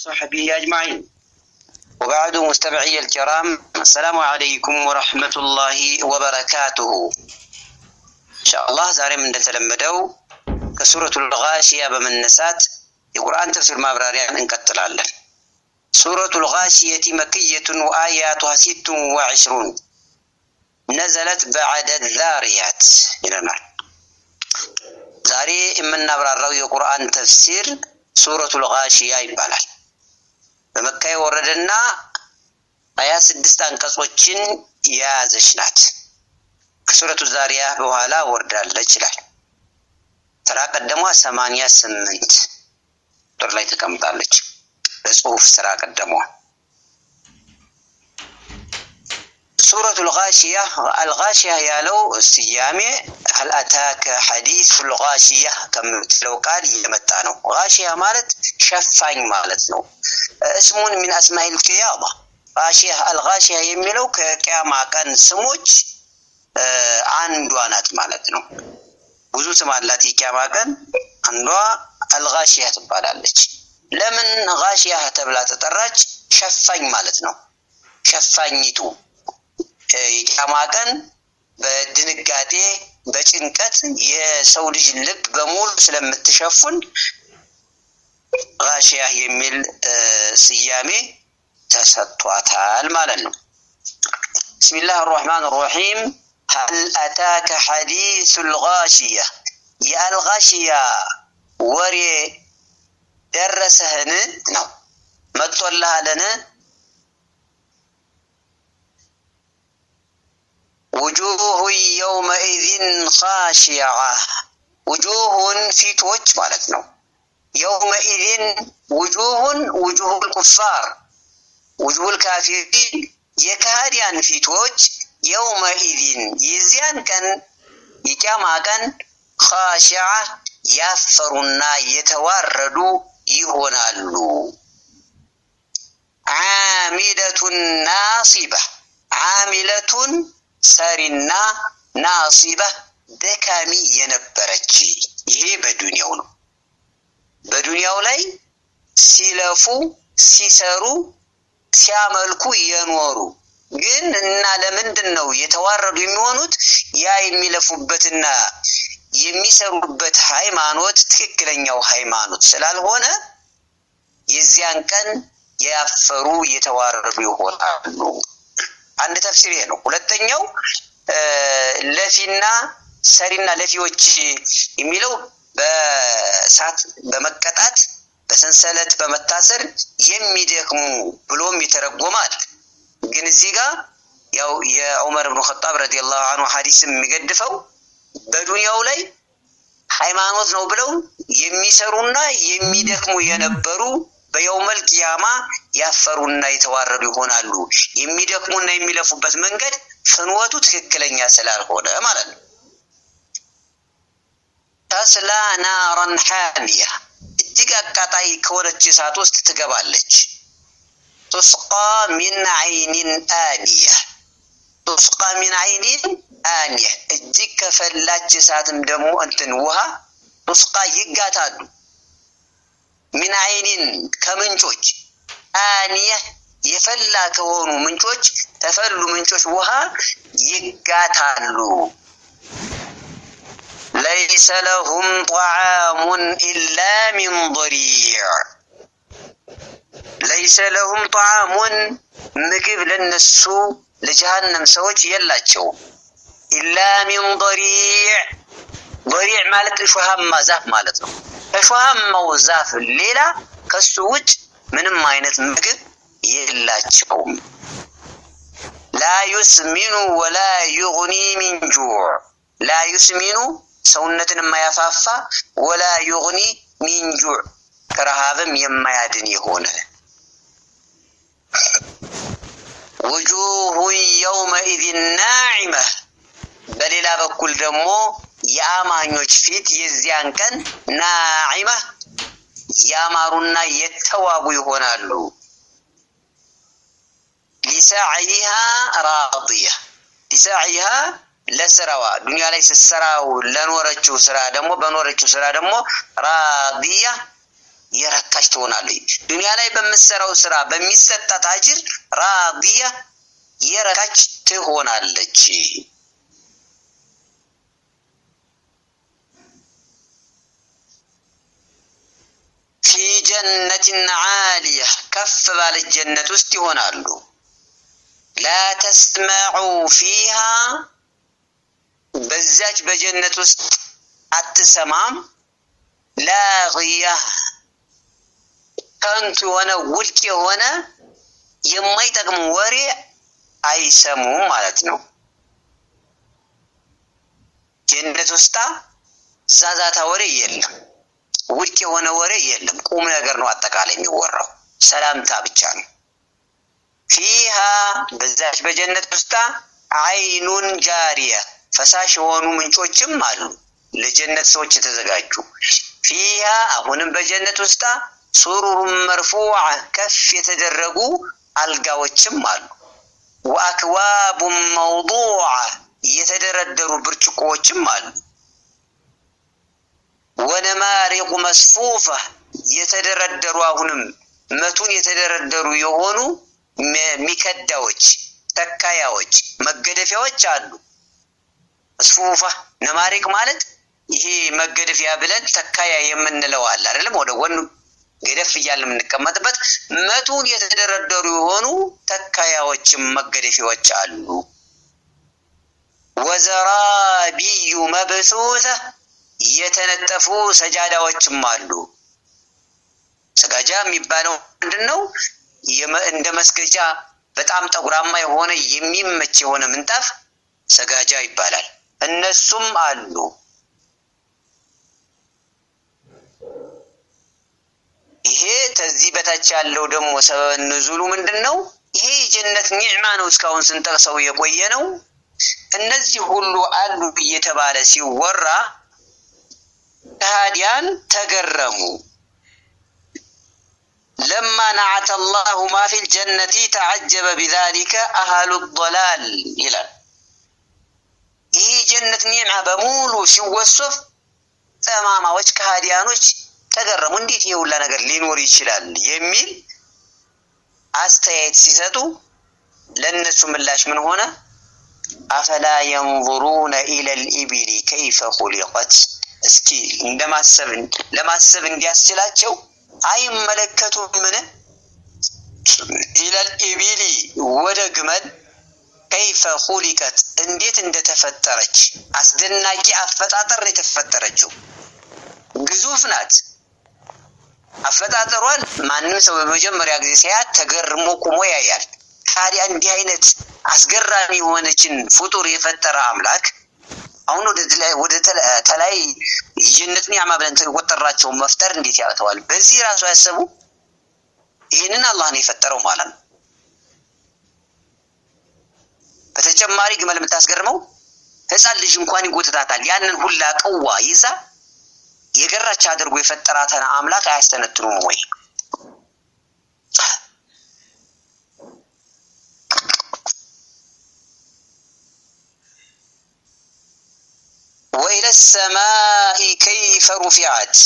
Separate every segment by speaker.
Speaker 1: وصحبه أجمعين وبعد مستمعي الكرام السلام عليكم ورحمة الله وبركاته إن شاء الله زاري من نتلمدو كسورة الغاشية بمن نسات القرآن تفسير ما براريان إن سورة الغاشية مكية وآياتها ست وعشرون نزلت بعد الذاريات إلى النار زاري إما نبرار روي القرآن تفسير سورة الغاشية يبالال በመካ የወረደና ሀያ ስድስት አንቀጾችን የያዘች ናት። ከሱረቱ ዛሪያ በኋላ ወርዳለች ይላል። ተራ ቀደሟ ሰማንያ ስምንት ቁጥር ላይ ተቀምጣለች። በጽሁፍ ስራ ቀደሟ ሱረቱል ጋሺያ አልጋሺያ ያለው ስያሜ ሀልአታከ ሐዲሱል ጋሺያ ከምትለው ቃል እየመጣ ነው። ጋሺያ ማለት ሸፋኝ ማለት ነው። እስሙን ሚን አስማኢል ቅያማ ጋሺያ አልጋሺያ የሚለው ከቂያማ ቀን ስሞች አንዷ ናት ማለት ነው። ብዙ ስም አላት። የቂያማ ቀን አንዷ አልጋሺያ ትባላለች። ለምን ጋሺያ ተብላ ተጠራች? ሸፋኝ ማለት ነው። ሸፋኝቱ የቂያማ ቀን በድንጋጤ በጭንቀት የሰው ልጅ ልብ በሙሉ ስለምትሸፍን غاشية يميل سيامي تسطواتال مالن بسم الله الرحمن الرحيم هل أتاك حديث الغاشية يا الغاشية وري درسهن نو ما تولها لنا وجوه يومئذ خاشعة وجوه في توجه مالت نو የውመኢዝን ውጁሁን ውጁሁል ኩፋር ውጁሁል ካፊሪን የካህዲያን ፊቶች የውመኢዝን የዚያን ቀን የቂያማ ቀን ኻሺዓ ያፈሩና የተዋረዱ ይሆናሉ። ዓሚለቱን ናሲባ ዓሚለቱን ሰሪና ናሲባ ደካሚ የነበረች ይሄ በዱንያው ነው። በዱንያው ላይ ሲለፉ ሲሰሩ ሲያመልኩ የኖሩ ግን እና ለምንድን ነው የተዋረዱ የሚሆኑት? ያ የሚለፉበትና የሚሰሩበት ሃይማኖት ትክክለኛው ሃይማኖት ስላልሆነ የዚያን ቀን ያፈሩ የተዋረዱ ይሆናሉ። አንድ ተፍሲር ይሄ ነው። ሁለተኛው ለፊና ሰሪና ለፊዎች የሚለው በእሳት በመቀጣት በሰንሰለት በመታሰር የሚደክሙ ብሎም ይተረጎማል። ግን እዚህ ጋር ያው የዑመር ብኑ ኸጣብ ረዲየላሁ አንሁ ሀዲስ የሚገድፈው በዱንያው ላይ ሃይማኖት ነው ብለው የሚሰሩና የሚደክሙ የነበሩ በየውመል ቂያማ ያፈሩና የተዋረዱ ይሆናሉ። የሚደክሙና የሚለፉበት መንገድ ፍንወቱ ትክክለኛ ስላልሆነ ማለት ነው። ተስላ ናረን ሐሚያ እጅግ አቃጣይ ከሆነች እሳት ውስጥ ትገባለች። ቱስቃ ሚን አይኒን አኒያ ቱስቃ ሚን አይኒን አኒያ እጅግ ከፈላች እሳትም ደግሞ እንትን ውሃ ቱስቃ ይጋታሉ። ሚን አይኒን ከምንጮች አኒያ የፈላ ከሆኑ ምንጮች ተፈሉ ምንጮች ውሃ ይጋታሉ። ليس لهم طعام إلا من ضريع ليس لهم طعام مقب للنسو لجهنم سوتي يلا تشو إلا من ضريع ضريع مالت إشوهام ما زاف مالتهم إشوهام ما وزاف الليلة كسوج من ماينت مقب يلا تشو لا يسمن ولا يغني من جوع لا يسمن ሰውነትን የማያፋፋ ወላ ዩኒ ሚንጁዕ ከረሃብም የማያድን የሆነ ውጁሁን የውመኢዝን ናዒመ በሌላ በኩል ደግሞ የአማኞች ፊት የዚያን ቀን ናዒመ ያማሩና የተዋቡ ይሆናሉ። ሊሳዕይሃ ራዲያ ሊሳዕይሃ ለስራዋ ዱንያ ላይ ስትሰራው ለኖረችው ስራ ደግሞ በኖረችው ስራ ደግሞ ራዲያ የረካች ትሆናለች። ዱንያ ላይ በምትሰራው ስራ በሚሰጣት አጅር ራዲያ የረካች ትሆናለች። ፊ ጀነትን ዓሊያ ከፍ ባለች ጀነት ውስጥ ይሆናሉ። ላ ተስማዑ ፊሃ በዛች በጀነት ውስጥ አትሰማም። ላግያ ከንቱ የሆነ ውድቅ የሆነ የማይጠቅም ወሬ አይሰሙም ማለት ነው። ጀነት ውስጣ ዛዛታ ወሬ የለም፣ ውድቅ የሆነ ወሬ የለም። ቁም ነገር ነው አጠቃላይ የሚወራው፣ ሰላምታ ብቻ ነው። ፊሃ በዛች በጀነት ውስጣ አይኑን ጃሪያ ፈሳሽ የሆኑ ምንጮችም አሉ ለጀነት ሰዎች የተዘጋጁ ፊሃ አሁንም በጀነት ውስጣ ሱሩሩን መርፉዓ ከፍ የተደረጉ አልጋዎችም አሉ። ወአክዋቡን መውዱዐ የተደረደሩ ብርጭቆዎችም አሉ። ወነማሪቁ መስፉፋ የተደረደሩ አሁንም መቱን የተደረደሩ የሆኑ ሚከዳዎች፣ ተካያዎች፣ መገደፊያዎች አሉ። ሱፋ ነማሪቅ ማለት ይሄ መገደፊያ ብለን ተካያ የምንለው አለ አይደለም። ወደ ጎን ገደፍ እያለ የምንቀመጥበት መቱን የተደረደሩ የሆኑ ተካያዎችም መገደፊያዎች አሉ። ወዘራቢዩ መብሱተ የተነጠፉ ሰጃዳዎችም አሉ። ሰጋጃ የሚባለው ምንድን ነው? እንደ መስገጃ በጣም ጠጉራማ የሆነ የሚመች የሆነ ምንጣፍ ሰጋጃ ይባላል። እነሱም አሉ። ይሄ ከዚህ በታች ያለው ደግሞ ሰበበ ንዙሉ ምንድን ነው? ይሄ የጀነት ኒዕማ ነው። እስካሁን ስንጠቅሰው የቆየ ነው። እነዚህ ሁሉ አሉ እየተባለ ሲወራ ከሃዲያን ተገረሙ። ለማ ነዓተ አላሁ ማ ፊል ጀነቲ ተዓጀበ ቢዛሊከ አህሉ ዶላል ይላል ይህ ጀነት ኒዕማ በሙሉ ሲወሰፍ ጠማማዎች ከሃዲያኖች ተገረሙ። እንዴት ይሄ ሁላ ነገር ሊኖር ይችላል? የሚል አስተያየት ሲሰጡ ለእነሱ ምላሽ ምን ሆነ? አፈላ የንظሩነ ኢለል ኢቢሊ ከይፈ ሁሊቀት እስኪ እንደማሰብ ለማሰብ እንዲያስችላቸው አይመለከቱምን? ኢለል ኢቢሊ ወደ ግመል ከይፈ ሁሊቀት እንዴት እንደተፈጠረች አስደናቂ አፈጣጠር ነው የተፈጠረችው። ግዙፍ ናት። አፈጣጠሯን ማንም ሰው በመጀመሪያ ጊዜ ሲያያት ተገርሞ ቁሞ ያያል። ታዲያ እንዲህ አይነት አስገራሚ የሆነችን ፍጡር የፈጠረ አምላክ አሁን ወደ ተላይ ይህነትን ያማ ብለን መፍጠር እንዴት ያተዋል? በዚህ ራሱ ያሰቡ ይህንን አላህ ነው የፈጠረው ማለት ነው። በተጨማሪ ግመል የምታስገርመው ህፃን ልጅ እንኳን ይጎትታታል። ያንን ሁላ ቅዋ ይዛ የገራች አድርጎ የፈጠራትን አምላክ አያስተነትኑም ወይ? ወይለ ሰማይ ከይፈ ሩፊዓት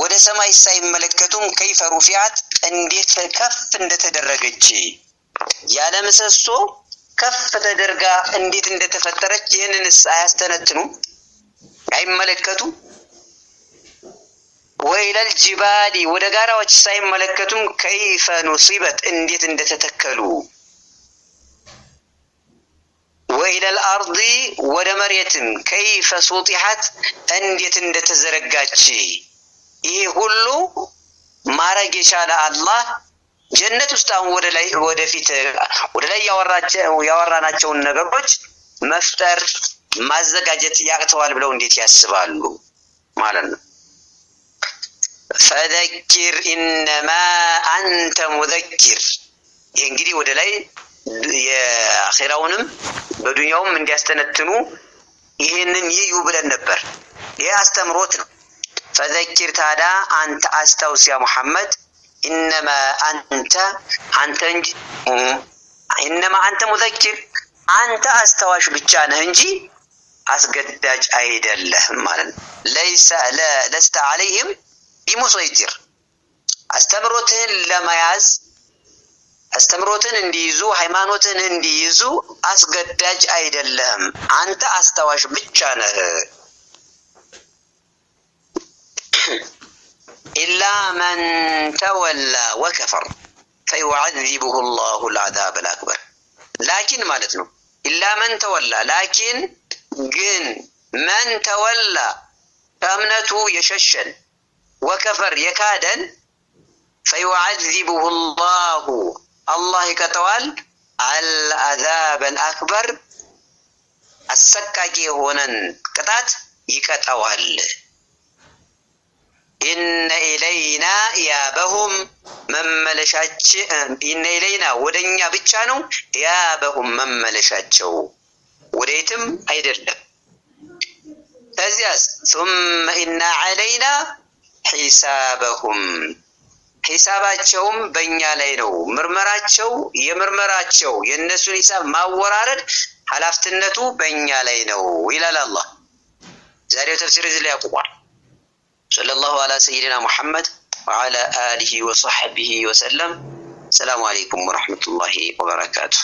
Speaker 1: ወደ ሰማይ ሳይመለከቱም ከይፈ ሩፊዓት እንዴት ከፍ እንደተደረገች ያለ ምሰሶ ከፍ ተደርጋ እንዴት እንደተፈጠረች ይህንንስ አያስተነትኑም? አይመለከቱም? ወይለል ጅባሊ ወደ ጋራዎች ሳይመለከቱም ከይፈ ኑሲበት እንዴት እንደተተከሉ፣ ወኢለል አርዲ ወደ መሬትም ከይፈ ሱጢሐት እንዴት እንደተዘረጋች ይህ ሁሉ ማረግ የቻለ አላህ ጀነት ውስጥ አሁን ወደ ላይ ወደፊት ወደ ላይ ያወራናቸውን ነገሮች መፍጠር ማዘጋጀት ያቅተዋል ብለው እንዴት ያስባሉ ማለት ነው። ፈዘኪር ኢነማ አንተ ሙዘኪር። ይህ እንግዲህ ወደ ላይ የአኼራውንም በዱኛውም እንዲያስተነትኑ ይህንን ይዩ ብለን ነበር። ይህ አስተምሮት ነው። ፈዘኪር ታዳ አንተ አስታውስ ያ ሙሐመድ ኢነማ አንተ አንተ እንጂ ኢነማ አንተ ሙዘኪር አንተ አስታዋሽ ብቻ ነህ እንጂ አስገዳጅ አይደለህም ማለት ነው። ለይሰ ለስተ አለይህም ቢሙሰይጢር አስተምሮትህን ለመያዝ አስተምሮትን እንዲይዙ ሃይማኖትን እንዲይዙ አስገዳጅ አይደለህም። አንተ አስታዋሽ ብቻ ነህ። إلا من تولى وكفر فيعذبه الله العذاب الأكبر لكن لتنو إلا من تولى لكن جن من تولى فأمنته يششن وكفر يكادن فيعذبه الله الله كتوال العذاب الأكبر السكاكي هنا كتات يكتوال ኢነ ኢለይና ያበሁም መመለሻቸው ኢነ ኢለይና ወደ እኛ ብቻ ነው። ያበሁም መመለሻቸው ወደየትም አይደለም። ከዚያስ ሱመ ኢነ ዐለይና ሒሳበሁም ሒሳባቸውም በእኛ ላይ ነው። ምርመራቸው የምርመራቸው የእነሱን ሂሳብ ማወራረድ ኃላፊነቱ በእኛ ላይ ነው ይላል አላህ። ዛሬው ተፍሲር እዚህ ላይ صلى الله على سيدنا محمد وعلى آله وصحبه وسلم السلام عليكم ورحمة الله وبركاته